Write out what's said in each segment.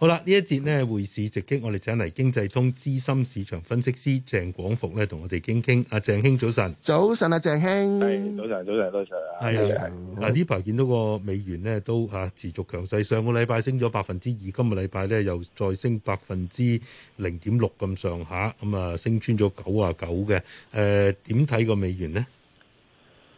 好啦，呢一節呢，匯市直擊，我哋請嚟經濟通資深市場分析師鄭廣復咧，同我哋傾傾。阿鄭兄早晨，早晨啊，鄭兄，係早晨，早晨，早晨啊，係啊，係。嗱呢排見到個美元咧都吓持續強勢，上個禮拜升咗百分之二，今個禮拜咧又再升百分之零點六咁上下，咁啊升穿咗九啊九嘅。誒，點睇個美元呢？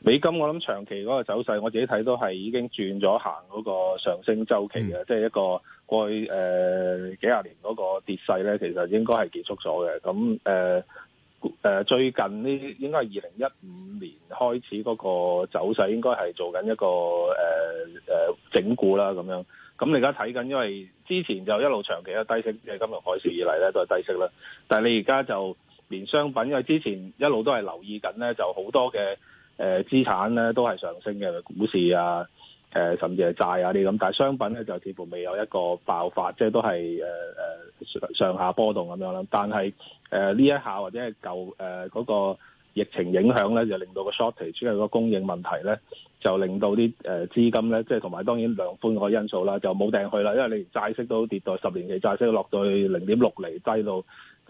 美金我諗長期嗰個走勢，我自己睇都係已經轉咗行嗰個上升周期嘅，嗯、即係一個。過去誒、呃、幾十年嗰個跌勢咧，其實應該係結束咗嘅。咁誒誒，最近呢啲應該係二零一五年開始嗰個走勢，應該係做緊一個誒誒、呃呃、整固啦。咁樣咁你而家睇緊，因為之前就一路長期喺低息嘅金融海嘯以嚟咧都係低息啦。但係你而家就連商品，因為之前一路都係留意緊咧，就好多嘅誒資產咧都係上升嘅股市啊。誒、呃、甚至係債啊啲咁，但係商品咧就似乎未有一個爆發，即係都係誒、呃、上，上下波動咁樣啦。但係誒呢一下或者係舊誒嗰、呃那個疫情影響咧，就令到個 shortage 即係個供應問題咧，就令到啲誒、呃、資金咧，即係同埋當然量寬嘅因素啦，就冇掟去啦，因為你連債息都跌到十年期債息落到去零點六厘低到。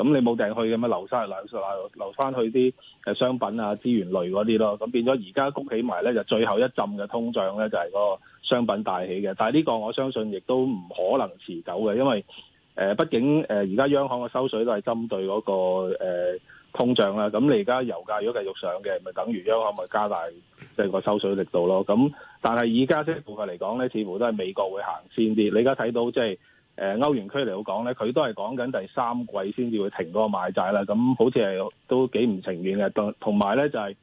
咁你冇掟去嘅，咩留翻兩十留留翻去啲商品啊，資源類嗰啲咯，咁變咗而家谷起埋咧就最後一浸嘅通脹咧就係個商品大起嘅，但係呢個我相信亦都唔可能持久嘅，因為誒、呃、畢竟而家央行嘅收水都係針對嗰、那個、呃、通脹啦，咁你而家油價如果繼續上嘅，咪等於央行咪加大即係個收水力度咯，咁但係而家即係部分嚟講咧，似乎都係美國會行先啲，你而家睇到即、就、係、是。誒歐元區嚟講咧，佢都係講緊第三季先至會停嗰個買債啦。咁好似係都幾唔情願嘅。同同埋咧就係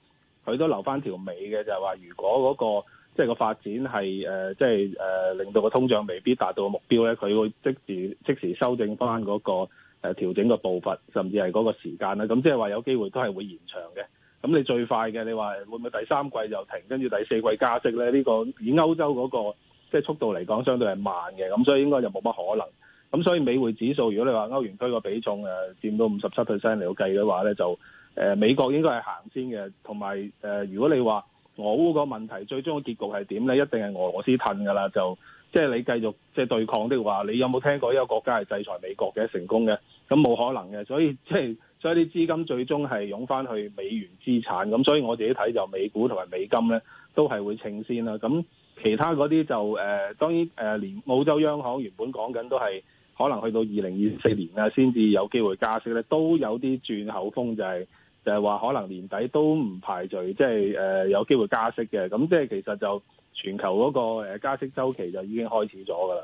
佢都留翻條尾嘅，就係話如果嗰個即係個發展係誒即係誒令到個通脹未必達到目標咧，佢會即時即時修正翻嗰個誒調整個步伐，甚至係嗰個時間啦。咁即係話有機會都係會延長嘅。咁你最快嘅，你話會唔會第三季就停，跟住第四季加息咧？呢個以歐洲嗰個。即係速度嚟講，相對係慢嘅，咁所以應該就冇乜可能。咁所以美匯指數，如果你話歐元區個比重誒佔到五十七 percent 嚟到計嘅話咧，就誒、呃、美國應該係行先嘅。同埋誒，如果你話俄烏個問題最終嘅結局係點咧，一定係俄羅斯吞㗎啦。就即係、就是、你繼續即係、就是、對抗的話，你有冇聽過一個國家係制裁美國嘅成功嘅？咁冇可能嘅。所以即係所以啲資金最終係湧翻去美元資產。咁所以我自己睇就美股同埋美金咧，都係會稱先啦。咁。其他嗰啲就誒、呃、當然誒，呃、連澳洲央行原本講緊都係可能去到二零二四年啊，先至有機會加息咧，都有啲轉口風、就係，就係就係話可能年底都唔排除，即、就、係、係呃、有機會加息嘅。咁即係其實就全球嗰個加息周期就已經開始咗噶啦。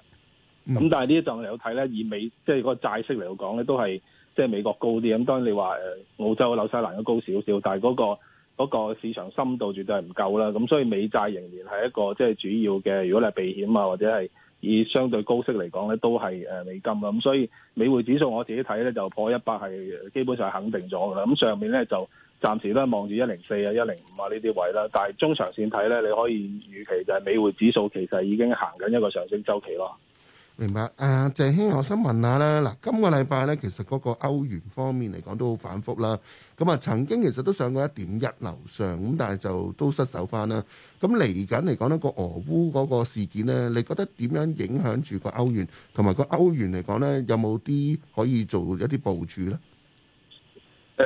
咁、嗯、但係呢一檔嚟到睇咧，以美即係嗰個債息嚟到講咧，都係即係美國高啲。咁當然你話、呃、澳洲紐西蘭都高少少，但係嗰、嗰個，嗰個市場深度絕對係唔夠啦，咁所以美債仍然係一個即係主要嘅，如果你係避險啊，或者係以相對高息嚟講咧，都係誒美金啦。咁所以美匯指數我自己睇咧就破一百係基本上係肯定咗噶啦。咁上面咧就暫時都係望住一零四啊、一零五啊呢啲位啦。但係中長線睇咧，你可以預期就係美匯指數其實已經行緊一個上升周期咯。明白。誒、呃，鄭兄，我想問，問下啦，嗱，今個禮拜咧其實嗰個歐元方面嚟講都好反覆啦。咁啊，曾經其實都上過一點一樓上，咁但係就都失守翻啦。咁嚟緊嚟講呢，個俄烏嗰個事件呢，你覺得點樣影響住個歐元？同埋個歐元嚟講呢，有冇啲可以做一啲部署呢？誒、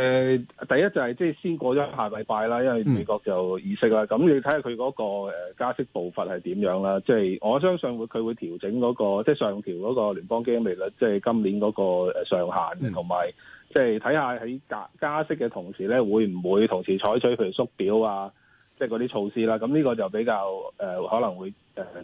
呃、第一就係即係先過咗下個禮拜啦，因為美國就議息啦，咁、嗯、你睇下佢嗰個、呃、加息步伐係點樣啦？即、就、係、是、我相信會佢會調整嗰、那個即係、就是、上調嗰個聯邦基金利率，即、就、係、是、今年嗰個上限，同埋即係睇下喺加加息嘅同時咧，會唔會同時採取譬如縮表啊，即係嗰啲措施啦？咁呢個就比較誒、呃、可能會誒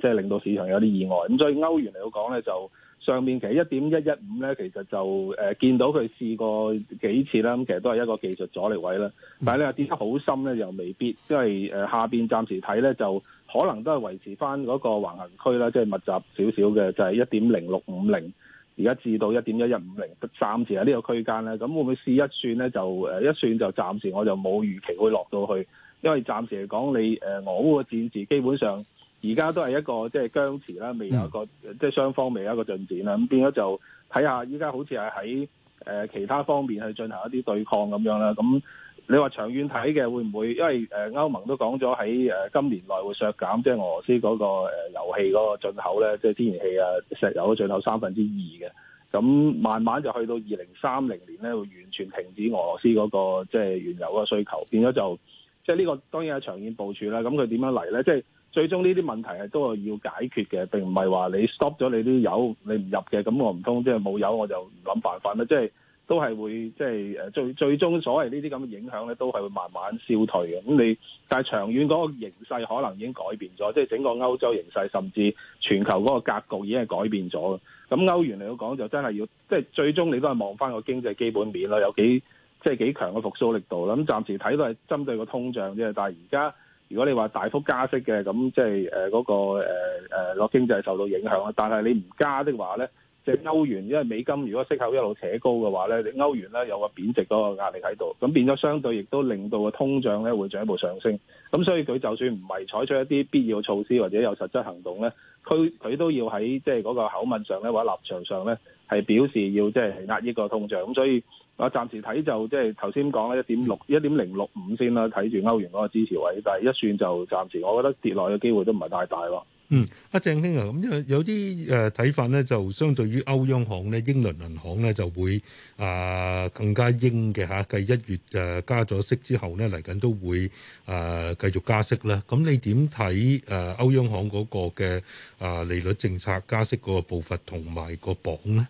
即係令到市場有啲意外。咁所以歐元嚟講咧就。上面其實一點一一五咧，其實就誒、呃、見到佢試過幾次啦，咁其實都係一個技術阻力位啦。但係咧跌得好深咧，又未必，因為誒、呃、下邊暫時睇咧就可能都係維持翻嗰個橫行區啦，即係密集少少嘅，就係一點零六五零，而家至到一點一一五零，暫時喺呢個區間咧，咁會唔會試一算咧？就誒、呃、一算就暫時我就冇預期會落到去，因為暫時嚟講你誒、呃、俄烏嘅戰事基本上，而家都係一個即係僵持啦，未有一個即係雙方未有一個進展啦，咁變咗就睇下依家好似係喺誒其他方面去進行一啲對抗咁樣啦。咁你話長遠睇嘅會唔會？因為誒歐盟都講咗喺誒今年內會削減即係俄羅斯嗰個誒油氣嗰個進口咧，即係天然氣啊、石油嘅進口三分之二嘅。咁慢慢就去到二零三零年咧，會完全停止俄羅斯嗰個即係原油嘅需求，變咗就即係呢個當然係長遠部署啦。咁佢點樣嚟咧？即係最終呢啲問題係都係要解決嘅，並唔係話你 stop 咗你啲油，你唔入嘅，咁我唔通即係冇油我就唔諗辦法啦，即係都係會，即係最最終所謂呢啲咁嘅影響咧，都係會慢慢消退嘅。咁你但係長遠嗰個形勢可能已經改變咗，即係整個歐洲形勢甚至全球嗰個格局已經係改變咗，咁歐元嚟講就真係要，即係最終你都係望翻個經濟基本面啦，有幾即係幾強嘅復甦力度啦。咁暫時睇都係針對個通脹啫，但係而家。如果你話大幅加息嘅，咁即係誒嗰個誒誒落經濟受到影響啊。但係你唔加的話咧，即係歐元，因為美金如果息口一路扯高嘅話咧，你歐元咧有個貶值嗰個壓力喺度，咁變咗相對亦都令到個通脹咧會進一步上升。咁所以佢就算唔係採取一啲必要措施或者有實質行動咧，佢佢都要喺即係嗰個口吻上咧或者立場上咧係表示要即係壓抑個通脹，咁所以。我暫時睇就即係頭先講咧一點六一點零六五先啦，睇住歐元嗰個支持位，但係一算就暫時，我覺得跌落嘅機會都唔係太大咯。嗯，阿鄭兄啊，咁有啲誒睇法咧，就相對於歐央行咧、英倫銀行咧，就會誒更加英嘅嚇。計一月誒加咗息之後咧，嚟緊都會誒繼續加息啦。咁你點睇誒歐央行嗰個嘅誒利率政策加息嗰個步伐同埋個榜咧？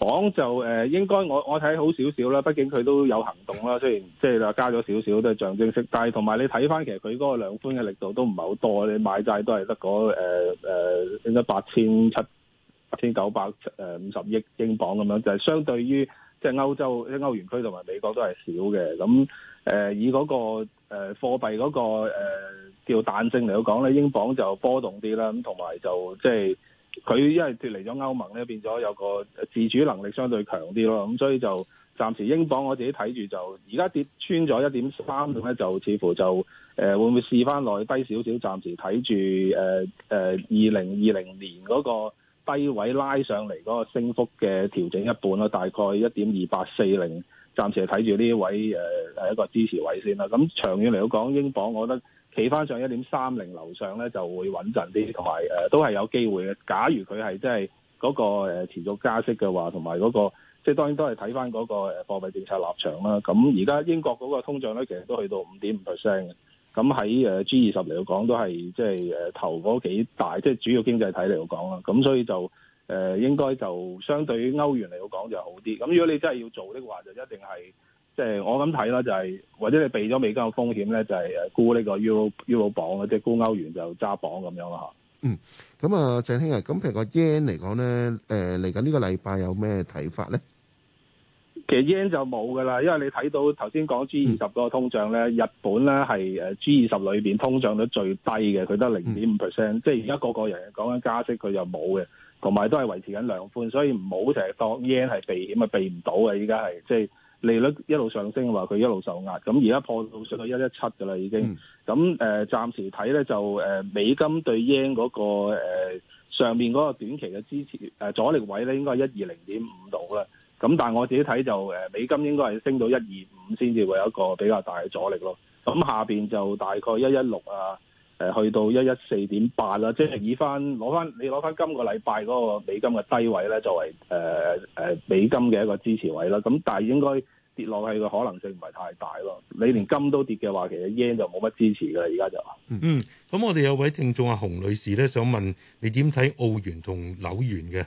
港就誒應該我我睇好少少啦，畢竟佢都有行動啦，雖然即係加咗少少都係象徵式，但係同埋你睇翻其實佢嗰個量寬嘅力度都唔係好多，你買債都係得嗰誒應該八千七八千九百誒五十億英鎊咁樣，就係相對於即係歐洲、即歐元區同埋美國都係少嘅，咁誒以嗰個誒貨幣嗰個叫彈性嚟講咧，英鎊就波動啲啦，咁同埋就即係。佢因為脫離咗歐盟咧，變咗有個自主能力相對強啲咯，咁所以就暫時英鎊，我自己睇住就而家跌穿咗一點三零咧，就似乎就誒、呃、會唔會試翻落低少少？暫時睇住誒誒二零二零年嗰個低位拉上嚟嗰個升幅嘅調整一半咯，大概一點二八四零，暫時睇住呢位誒、呃、一個支持位先啦。咁長遠嚟講，英鎊我覺得。企翻上一點三零樓上咧就會穩陣啲，同埋誒都係有機會嘅。假如佢係即係嗰個持續加息嘅話，同埋嗰個即係當然都係睇翻嗰個誒貨幣政策立場啦。咁而家英國嗰個通脹咧其實都去到五點五 percent 嘅，咁喺 G 二十嚟講都係即係誒頭嗰幾大，即係主要經濟體嚟講啦。咁所以就誒應該就相對於歐元嚟講就好啲。咁如果你真係要做嘅話，就一定係。即係我咁睇啦，就係或者你避咗美金嘅風險咧，就係、是、沽呢個 Euro Euro 磅啊，即係沽歐元就揸磅咁樣啦吓。嗯，咁啊，鄭兄啊，咁譬如講呢、呃、個 yen 嚟講咧，誒嚟緊呢個禮拜有咩睇法咧？其實 yen 就冇噶啦，因為你睇到頭先講 G 二十嗰個通脹咧，嗯、日本咧係誒 G 二十裏邊通脹率最低嘅，佢得零點五 percent，即係而家個個人講緊加息佢又冇嘅，同埋都係維持緊量寬，所以唔好成日當 yen 係避險啊，避唔到嘅依家係即係。利率一路上升嘅話佢一路受壓，咁而家破到出到一一七嘅啦，已經。咁誒、嗯呃，暫時睇咧就誒、呃、美金對英 e n 嗰個、呃、上面嗰個短期嘅支持誒、呃、阻力位咧，應該係一二零點五度啦。咁但係我自己睇就誒、呃、美金應該係升到一二五先至會有一個比較大嘅阻力咯。咁下邊就大概一一六啊。誒去到一一四點八啦，即係以翻攞翻你攞翻今個禮拜嗰個美金嘅低位咧，作為誒誒、呃呃、美金嘅一個支持位啦。咁但係應該跌落去嘅可能性唔係太大咯。你連金都跌嘅話，其實 yen 就冇乜支持㗎喇。而家就嗯，咁我哋有位聽眾阿洪女士咧，想問你點睇澳元同紐元嘅？誒、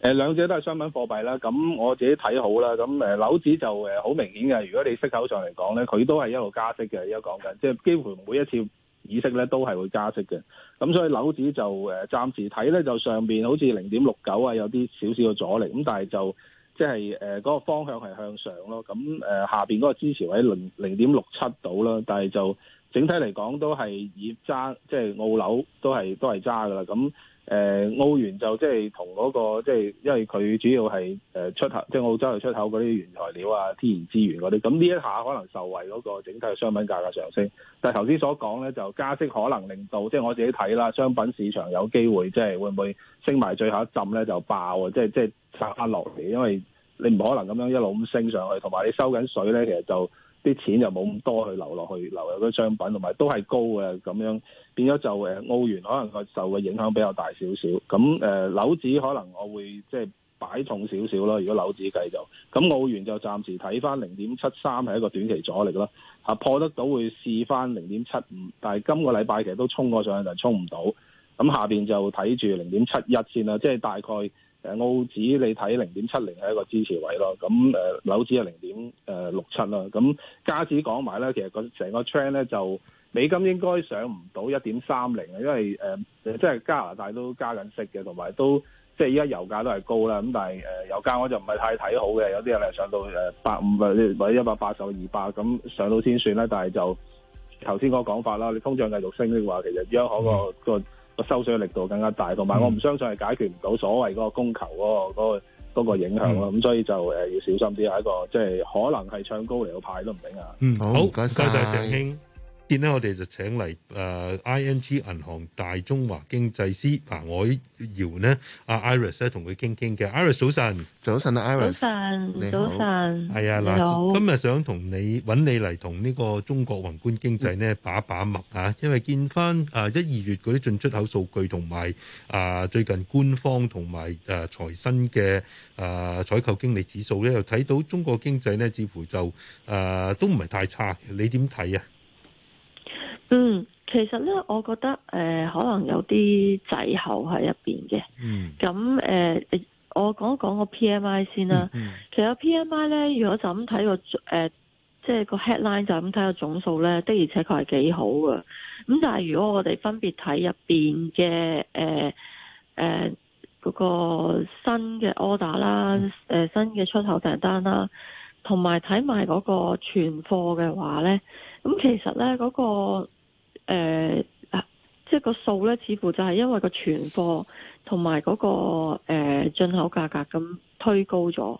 呃、兩者都係商品貨幣啦。咁我自己睇好啦。咁誒，紐紙就誒好明顯嘅。如果你息口上嚟講咧，佢都係一路加息嘅，而家講緊，即係幾乎每一次。意識咧都係會加息嘅，咁所以樓指就誒暫時睇咧就上面好似零點六九啊，有啲少少嘅阻力，咁但係就即係誒嗰個方向係向上咯，咁誒下邊嗰個支持位零零點六七度啦，但係就整體嚟講都係以揸即係澳樓都係都係揸噶啦咁。誒澳、呃、元就即係同嗰個即係，就是、因為佢主要係誒出口，即、就、係、是、澳洲係出口嗰啲原材料啊、天然資源嗰啲。咁呢一下可能受惠嗰個整體商品價格上升。但係頭先所講咧，就加息可能令到即係、就是、我自己睇啦，商品市場有機會即係會唔會升埋最後一浸咧就爆啊！即係即係散落嚟，因為你唔可能咁樣一路咁升上去，同埋你收緊水咧，其實就。啲錢又冇咁多去流落去，流入嗰啲商品，同埋都係高嘅咁樣，變咗就誒澳元可能佢受嘅影響比較大少少，咁誒樓指可能我會即係擺重少少咯，如果樓指計就，咁澳元就暫時睇翻零點七三係一個短期阻力啦，嚇破得到會試翻零點七五，但係今個禮拜其實都衝過上去，就衝唔到，咁下面就睇住零點七一先啦，即係大概。誒澳紙你睇零點七零係一個支持位咯，咁誒紐紙係零點誒六七啦，咁、呃、加紙講埋咧，其實個成個趨咧就美金應該上唔到一點三零啊，因為誒、呃、即係加拿大都加緊息嘅，同埋都即係依家油價都係高啦，咁但係油價我就唔係太睇好嘅，有啲人係上到誒百五或者一百八十、二百咁上到先算啦，但係就頭先嗰個講法啦，你通脹繼續升嘅話，其實央行個、嗯、個。收水嘅力度更加大，同埋我唔相信係解決唔到所謂嗰個供求嗰個嗰嗰影響咯，咁、嗯、所以就誒要小心啲，係一個即係可能係唱高嚟個牌都唔定啊。嗯，好，多謝鄭兄。謝謝咁咧，我哋就請嚟誒 ING 銀行大中華經濟師彭藹、啊、嬈呢。阿、啊、Iris 咧，同佢傾傾嘅。Iris 早晨，早晨啊，Iris。早晨，早晨。係啊的，嗱好，今日想同你揾你嚟同呢個中國宏觀經濟呢把把脈啊，因為見翻誒一、二月嗰啲進出口數據同埋誒最近官方同埋誒財新嘅誒、啊、採購經理指數咧，又睇到中國經濟呢，似乎就誒、啊、都唔係太差。你點睇啊？嗯，其實咧，我覺得誒、呃，可能有啲滯後喺入邊嘅、嗯呃嗯。嗯，咁誒，我講一講個 P M I 先啦。嗯，其實 P M I 咧，如果就咁睇個誒，即係個 headline 就咁、是、睇個總數咧，的而且確係幾好㗎。咁但係如果我哋分別睇入邊嘅誒誒嗰個新嘅 order 啦，誒、嗯、新嘅出口訂單，單啦，同埋睇埋嗰個存貨嘅話咧。咁其實咧嗰、嗰個、呃啊、即係個數咧，似乎就係因為個存貨同埋嗰個誒、呃、進口價格咁推高咗，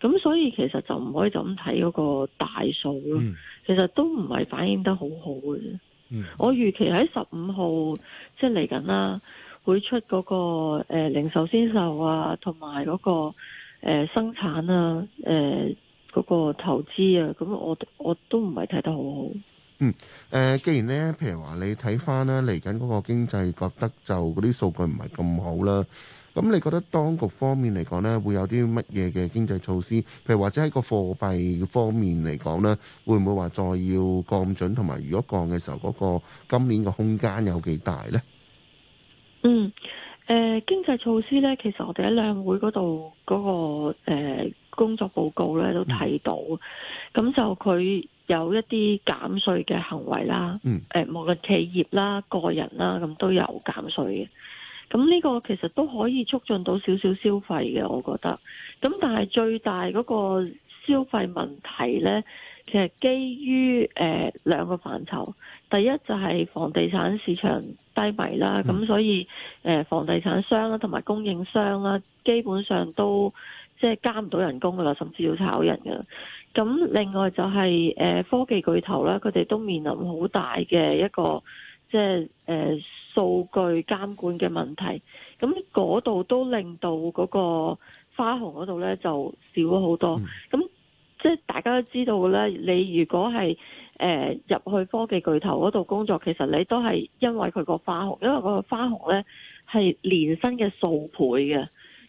咁所以其實就唔可以就咁睇嗰個大數咯。嗯、其實都唔係反映得好好嘅。嗯、我預期喺十五號即係嚟緊啦，會出嗰、嗰個、呃、零售先售啊，同埋嗰個、呃、生產啊，誒、呃。嗰個投資啊，咁我我都唔係睇得好好。嗯，誒，既然咧，譬如話你睇翻咧，嚟緊嗰個經濟覺得就嗰啲數據唔係咁好啦，咁你覺得當局方面嚟講咧，會有啲乜嘢嘅經濟措施？譬如或者喺個貨幣方面嚟講咧，會唔會話再要降準？同埋如果降嘅時候，嗰個今年個空間有幾大咧？嗯，誒，經濟措施咧，其實我哋喺兩會嗰度嗰個誒。工作報告咧都睇到，咁、嗯、就佢有一啲減稅嘅行為啦，誒無論企業啦、個人啦，咁都有減稅嘅。咁呢個其實都可以促進到少少消費嘅，我覺得。咁但係最大嗰個消費問題咧，其實基於呃、兩個範疇，第一就係房地產市場低迷啦，咁、嗯、所以、呃、房地產商啦同埋供應商啦，基本上都。即係加唔到人工噶啦，甚至要炒人噶啦。咁另外就係誒科技巨頭咧，佢哋都面臨好大嘅一個即係誒、呃、數據監管嘅問題。咁嗰度都令到嗰個花紅嗰度咧就少咗好多。咁、嗯、即係大家都知道咧，你如果係誒入去科技巨頭嗰度工作，其實你都係因為佢個花紅，因為個花紅咧係年薪嘅數倍嘅。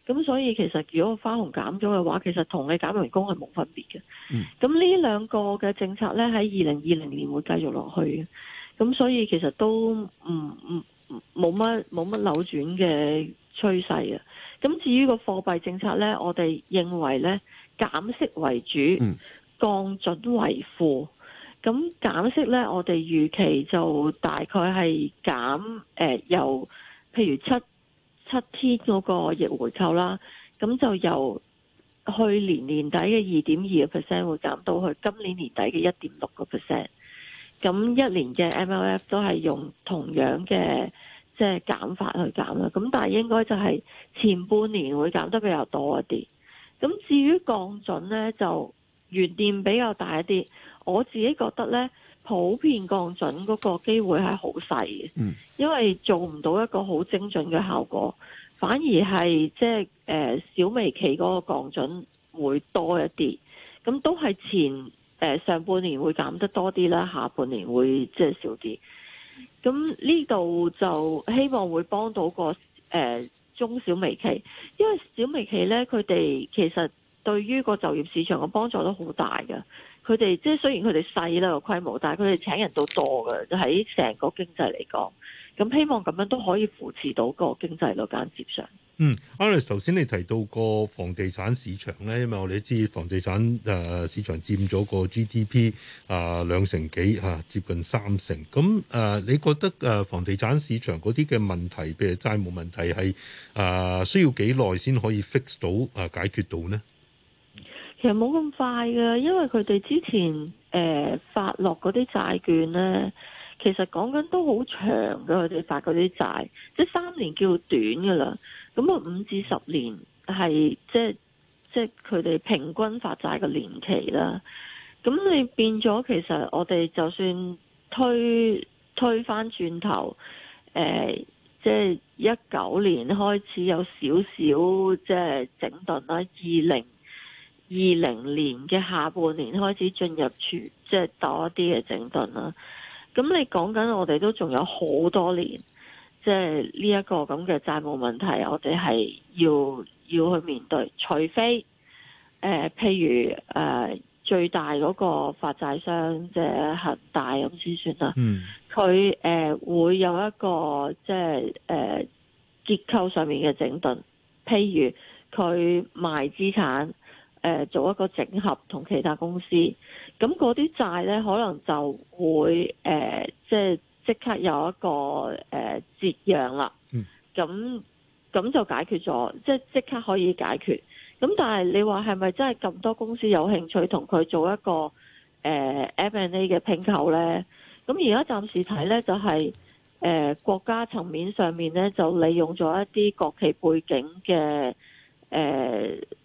咁所以其實，如果花紅減咗嘅話，其實同你減人工係冇分別嘅。咁呢兩個嘅政策呢，喺二零二零年會繼續落去。咁所以其實都唔唔冇乜冇乜扭轉嘅趨勢啊。咁至於個貨幣政策呢，我哋認為呢減息為主，降準為輔。咁減息呢，我哋預期就大概係減誒由譬如七七天嗰個逆回購啦，咁就由去年年底嘅二點二個 percent 會減到去今年年底嘅一點六個 percent。咁一年嘅 MLF 都係用同樣嘅即係減法去減啦。咁但係應該就係前半年會減得比較多一啲。咁至於降準呢，就原店比較大一啲。我自己覺得呢。普遍降準嗰個機會係好細嘅，嗯、因為做唔到一個好精準嘅效果，反而係即係誒小微企嗰個降準會多一啲，咁都係前誒、呃、上半年會減得多啲啦，下半年會即係、就是、少啲。咁呢度就希望會幫到個誒中、呃、小微企，因為小微企呢，佢哋其實對於個就業市場嘅幫助都好大嘅。佢哋即係雖然佢哋細啦個規模，但係佢哋請人都多㗎，喺成個經濟嚟講。咁希望咁樣都可以扶持到個經濟落間接上。嗯，Iris 頭先你提到個房地產市場咧，因為我哋都知房地產誒市場佔咗個 GDP 啊兩成幾嚇、啊，接近三成。咁誒、啊，你覺得誒房地產市場嗰啲嘅問題，譬如債務問題係誒、啊、需要幾耐先可以 fix 到誒、啊、解決到呢？其實冇咁快噶，因為佢哋之前誒、呃、發落嗰啲債券咧，其實講緊都好長噶，佢哋發嗰啲債，即係三年叫短噶啦。咁啊，五至十年係即係即係佢哋平均發債嘅年期啦。咁你變咗，其實我哋就算推推返轉頭，誒、呃，即係一九年開始有少少即係整頓啦，二零。二零年嘅下半年開始進入處，即係多一啲嘅整頓啦。咁你講緊我哋都仲有好多年，即係呢一個咁嘅債務問題，我哋係要要去面對，除非誒，譬如誒最大嗰個發債商即係恒大咁先算啦。嗯，佢誒會有一個即係誒結構上面嘅整頓，譬如佢賣資產。誒、呃，做一個整合同其他公司，咁嗰啲債呢，可能就會誒、呃，即係即刻有一個誒、呃、折讓啦。咁咁、嗯、就解決咗，即係即刻可以解決。咁但係你話係咪真係咁多公司有興趣同佢做一個誒、呃、M&A 嘅併購呢？咁而家暫時睇呢，就係、是、誒、呃、國家層面上面呢，就利用咗一啲國企背景嘅誒。呃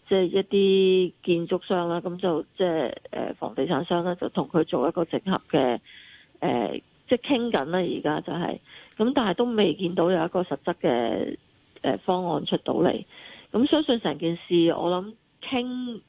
即係一啲建築商啦，咁就即係誒房地產商啦，就同佢做一個整合嘅誒、呃，即係傾緊啦，而家就係、是，咁但係都未見到有一個實質嘅誒、呃、方案出到嚟，咁相信成件事我諗傾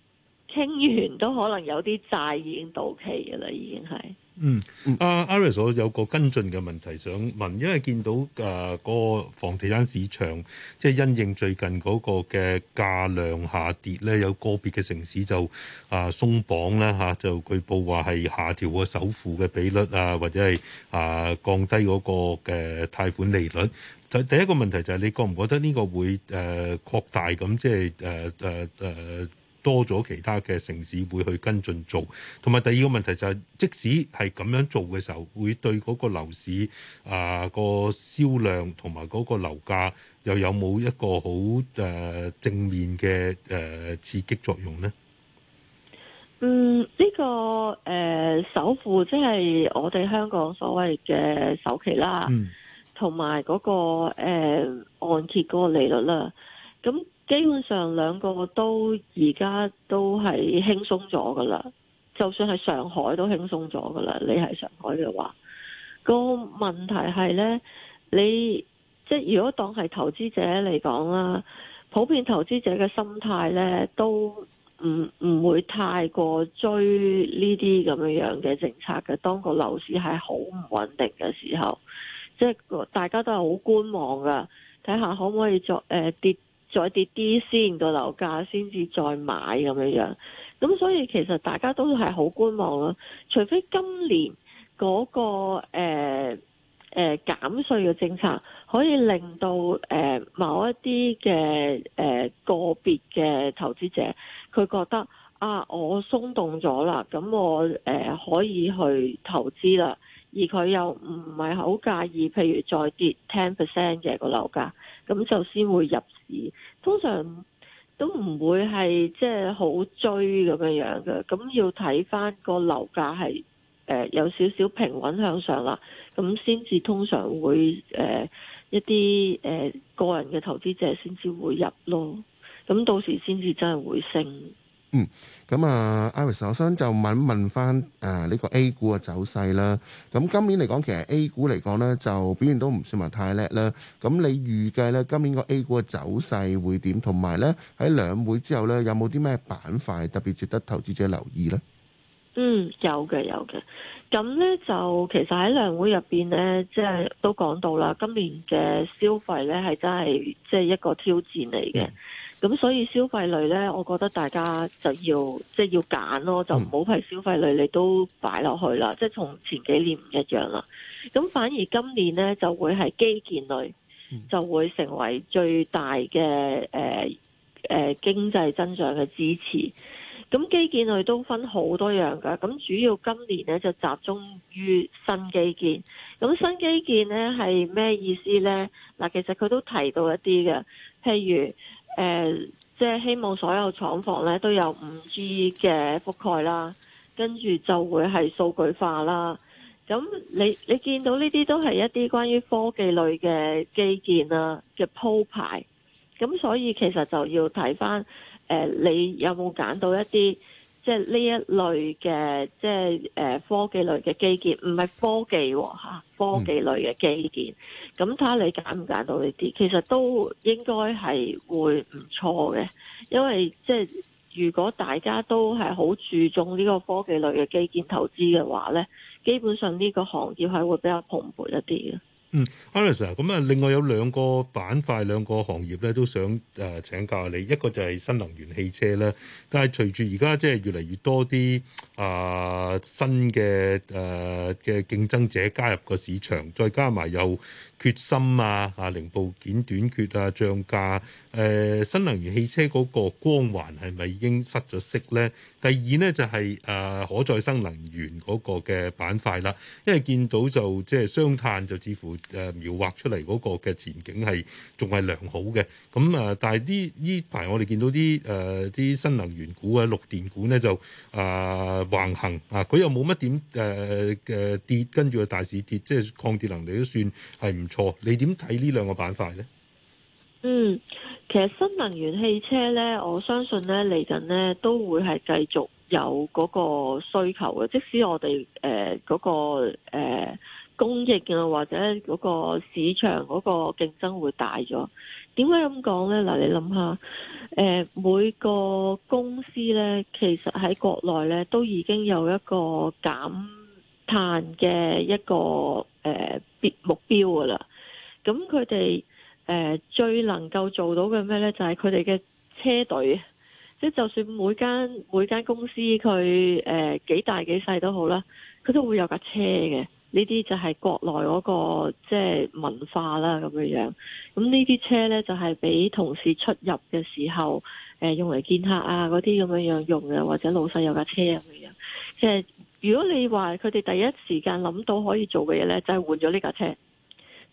傾完都可能有啲債已經到期㗎喇，已經係。嗯，阿 Alex，我有個跟進嘅問題想問，因為見到誒、啊嗰個房地產市場，即係因應最近嗰個嘅價量下跌咧，有個別嘅城市就啊鬆綁啦吓，就據報話係下調個首付嘅比率啊，或者係啊降低嗰個嘅貸款利率。第第一個問題就係你覺唔覺得呢個會誒擴大咁即係誒誒誒。多咗其他嘅城市會去跟進做，同埋第二個問題就係即使係咁樣做嘅時候，會對嗰個樓市啊個銷量同埋嗰個樓價又有冇一個好誒正面嘅誒刺激作用咧？嗯，呢、這個誒、呃、首付即係我哋香港所謂嘅首期啦，同埋嗰個誒、呃、按揭嗰個利率啦，咁。基本上兩個都而家都係輕鬆咗噶啦就算係上海都輕鬆咗噶啦你喺上海嘅話，個問題係咧，你即係如果當係投資者嚟講啦，普遍投資者嘅心態咧都唔唔會太過追呢啲咁樣樣嘅政策嘅。當個樓市係好唔穩定嘅時候，即係大家都係好觀望噶睇下可唔可以再誒跌。呃再跌啲先，個樓價先至再買咁樣樣，咁所以其實大家都係好觀望咯。除非今年嗰、那個誒誒、呃呃、減稅嘅政策可以令到誒、呃、某一啲嘅誒個別嘅投資者佢覺得啊，我鬆動咗啦，咁我誒、呃、可以去投資啦。而佢又唔係好介意，譬如再跌 ten percent 嘅個樓價，咁就先會入市。通常都唔會係即係好追咁樣樣嘅，咁要睇返個樓價係誒、呃、有少少平穩向上啦，咁先至通常會誒、呃、一啲誒、呃、個人嘅投資者先至會入咯，咁到時先至真係會升。嗯，咁啊，Iris，我想就問一問翻誒呢個 A 股嘅走勢啦。咁今年嚟講，其實 A 股嚟講咧，就表現都唔算話太叻啦。咁你預計咧今年個 A 股嘅走勢會點？同埋咧喺兩會之後咧，有冇啲咩板塊特別值得投資者留意咧？嗯，有嘅，有嘅。咁咧就其實喺兩會入邊咧，即係都講到啦。今年嘅消費咧係真係即係一個挑戰嚟嘅。嗯咁所以消費類咧，我覺得大家就要即係、就是、要揀咯，就唔好係消費類，你都擺落去啦。即係從前幾年唔一樣啦。咁反而今年咧就會係基建類就會成為最大嘅，誒誒經濟增長嘅支持。咁基建類都分好多樣噶。咁主要今年咧就集中於新基建。咁新基建咧係咩意思咧？嗱，其實佢都提到一啲嘅，譬如。誒、呃，即係希望所有廠房咧都有五 G 嘅覆蓋啦，跟住就會係數據化啦。咁你你見到呢啲都係一啲關於科技類嘅基建啊嘅鋪排，咁所以其實就要睇返誒，你有冇揀到一啲？即係呢一類嘅，即係誒科技類嘅基建，唔係科技吓，科技類嘅基建。咁睇下你揀唔揀到呢啲，其實都應該係會唔錯嘅，因爲即係如果大家都係好注重呢個科技類嘅基建投資嘅話呢，基本上呢個行業係會比較蓬勃一啲嘅。嗯 Iris 啊，咁啊，另外有兩個板塊、兩個行業咧，都想誒、呃、請教你。一個就係新能源汽車啦，但係隨住而家即係越嚟越多啲啊、呃、新嘅誒嘅競爭者加入個市場，再加埋有決心啊、啊零部件短缺啊、漲價誒、呃，新能源汽車嗰個光環係咪已經失咗色咧？第二呢、就是，就係誒可再生能源嗰個嘅板塊啦，因為見到就即係雙碳就似乎誒描畫出嚟嗰個嘅前景係仲係良好嘅，咁啊，但係呢依排我哋見到啲誒啲新能源股啊、綠電股咧就啊橫行啊，佢又冇乜點誒嘅跌，跟住個大市跌，即係抗跌能力都算係唔錯。你點睇呢兩個板塊咧？嗯，其實新能源汽車咧，我相信咧嚟緊咧都會係繼續有嗰個需求嘅，即使我哋誒嗰個、呃公益啊，或者嗰個市場嗰個競爭會大咗。點解咁講咧？嗱，你諗下，誒，每個公司咧，其實喺國內咧都已經有一個減碳嘅一個誒目標噶啦。咁佢哋誒最能夠做到嘅咩咧？就係佢哋嘅車隊，即係就算每間每間公司佢誒幾大幾細都好啦，佢都會有架車嘅。呢啲就係國內嗰、那個即係、就是、文化啦，咁樣樣。咁呢啲車呢，就係、是、俾同事出入嘅時候，誒、呃、用嚟見客啊嗰啲咁樣樣用嘅，或者老細有架車咁樣。即係如果你話佢哋第一時間諗到可以做嘅嘢呢，就係換咗呢架車，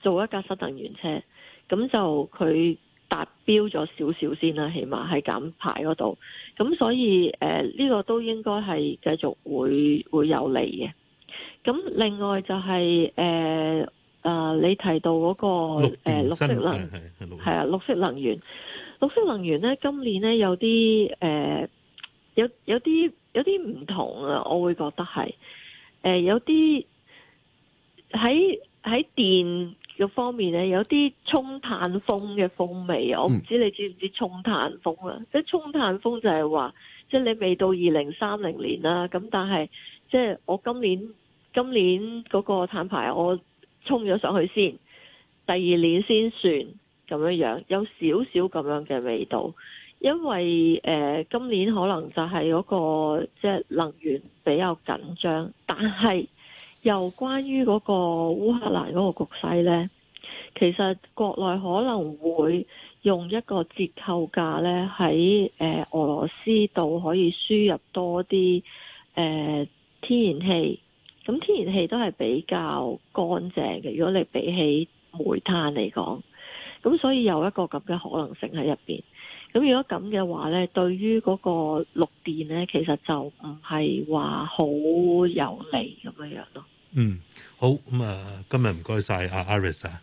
做一架新能源車。咁就佢達標咗少少先啦，起碼係減排嗰度。咁所以誒呢、呃這個都應該係繼續會會有利嘅。咁另外就係、是、誒、呃呃、你提到嗰、那個誒綠、呃、綠色能係啊綠色能源，綠色能源咧今年咧有啲誒、呃、有有啲有啲唔同啊，我會覺得係誒有啲喺喺電嘅方面咧有啲沖碳風嘅風味，我唔知你知唔知沖碳風啊，即係沖碳風就係話即係你未到二零三零年啦咁，但係即係我今年。今年嗰個碳排我衝咗上去先，第二年先算咁樣樣，有少少咁樣嘅味道，因為誒、呃、今年可能就係嗰、那個即係、就是、能源比較緊張，但係又關於嗰個烏克蘭嗰個局勢呢，其實國內可能會用一個折扣價呢，喺誒、呃、俄羅斯度可以輸入多啲誒、呃、天然氣。咁天然氣都係比較乾淨嘅，如果你比起煤炭嚟講，咁所以有一個咁嘅可能性喺入邊。咁如果咁嘅話咧，對於嗰個綠電咧，其實就唔係話好有利咁樣樣咯、嗯。嗯，好咁啊，今日唔該晒阿 Iris 啊。